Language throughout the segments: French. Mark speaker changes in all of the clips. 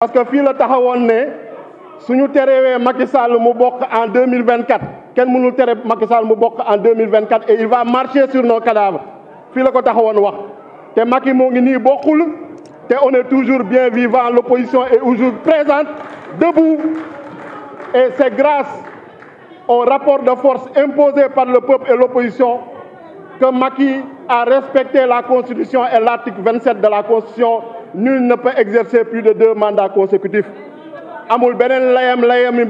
Speaker 1: parce que si la taxawone suñu en 2024, Ken en 2024, et il va marcher sur nos cadavres Si la wax on est toujours bien vivant l'opposition est toujours présente debout et c'est grâce au rapport de force imposé par le peuple et l'opposition que Maki a respecté la constitution et l'article 27 de la constitution nul ne peut exercer plus de deux mandats consécutifs amul benen layam layam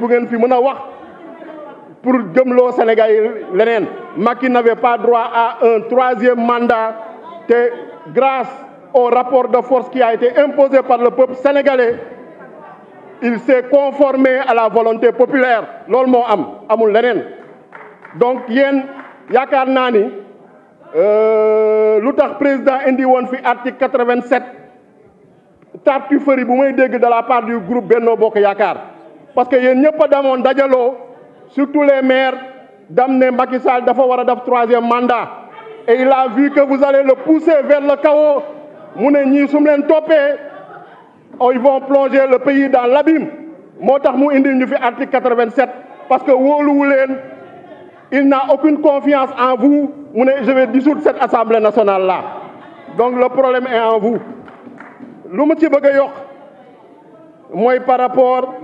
Speaker 1: pour gëmloo sénégalais yi Maki n'avait pas droit à un troisième mandat grâce au rapport de force qui a été imposé par le peuple sénégalais il s'est conformé à la volonté populaire l'olmo am donc yen Yakarnani, Nani, euh, président indi won fi article 87 tartufferie bu may dégg de la part du groupe Benno Bokk Yakar parce que a ñëpp a demoon dajaloo surtout les maires dam Makisal Macky Sall troisième mandat et il a vu que vous allez le pousser vers le chaos mu oh, ils vont plonger le pays dans l'abîme motax mu indi ñu fi article 87 parce que Woluwulen il n'a aucune confiance en vous je vais dissoudre cette assemblée nationale là donc le problème est en vous moi, par rapport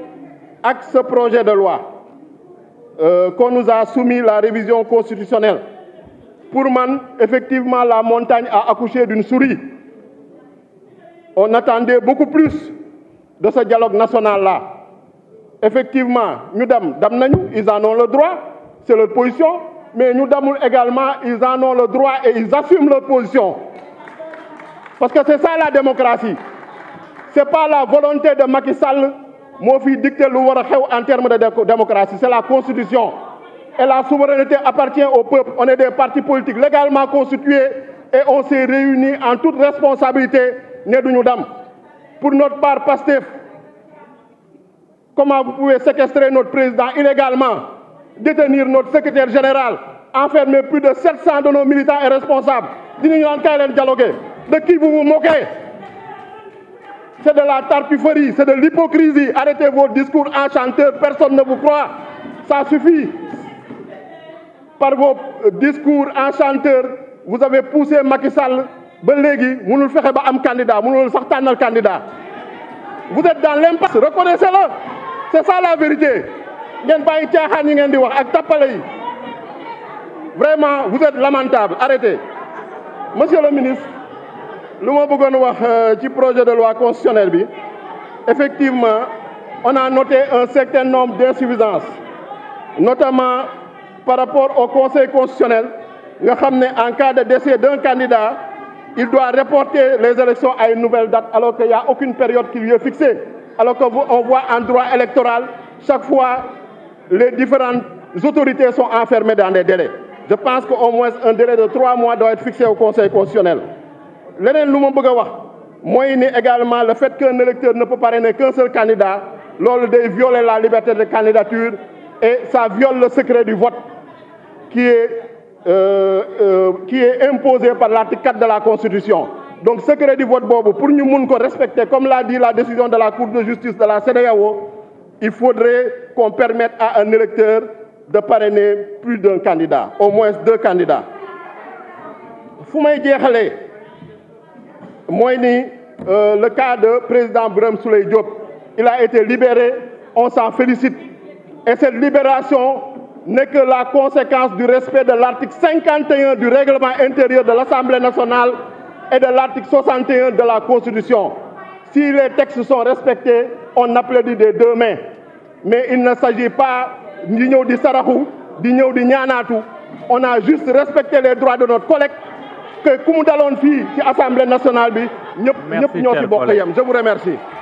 Speaker 1: à ce projet de loi euh, qu'on nous a soumis la révision constitutionnelle pour moi, effectivement la montagne a accouché d'une souris on attendait beaucoup plus de ce dialogue national là effectivement mesdames, ils en ont le droit c'est leur position mais nous, également ils en ont le droit et ils assument leur position parce que c'est ça la démocratie n'est pas la volonté de Macky Sall moo dicté en termes de démocratie c'est la constitution et la souveraineté appartient au peuple on est des partis politiques légalement constitués et on s'est réunis en toute responsabilité pour notre part Pastef comment vous pouvez séquestrer notre président illégalement détenir notre secrétaire général enfermer plus de 700 de nos militants et responsables de qui vous vous moquez c'est de la tarpiferie, c'est de l'hypocrisie. Arrêtez vos discours enchanteurs, personne ne vous croit. Ça suffit. Par vos euh, discours enchanteurs, vous avez poussé Macky Sall Vous ne le ferez pas am candidat mënul sax comme candidat vous êtes dans l'impasse reconnaissez-le c'est ça la vérité vraiment vous êtes lamentable arrêtez monsieur le ministre lu du euh, projet de loi constitutionnelle effectivement on a noté un certain nombre d'insuffisances notamment par rapport au conseil constitutionnel en cas de décès d'un candidat il doit reporter les élections à une nouvelle date alors qu'il n'y a aucune période qui lui est fixée alors qu'on voit en droit électoral chaque fois les différentes autorités sont enfermées dans des délais je pense qu'au moins un délai de trois mois doit être fixé au conseil constitutionnel L'année nous également le fait qu'un électeur ne peut parrainer qu'un seul candidat lors de violer la liberté de candidature et ça viole le secret du vote qui est euh, euh, qui est imposé par l'article 4 de la Constitution donc secret du vote pour nous respecter comme l'a dit la décision de la Cour de justice de la CEDEAO il faudrait qu'on permette à un électeur de parrainer plus d'un candidat au moins deux candidats fu Moini, euh, le cas de président Brum sur Diop il a été libéré on s'en félicite et cette libération n'est que la conséquence du respect de l'article 51 du règlement intérieur de l'Assemblée nationale et de l'article 61 de la Constitution. Si les textes sont respectés, on applaudit des deux mains. Mais il ne s'agit pas d'ignorer du Sarahou, d'ignorer du Nyanatou. On a juste respecté les droits de notre collègue que ku mu daloon fii ci assemblée nationale bi ñëpp ñëpp ñoo ci bokk yem je vous remercie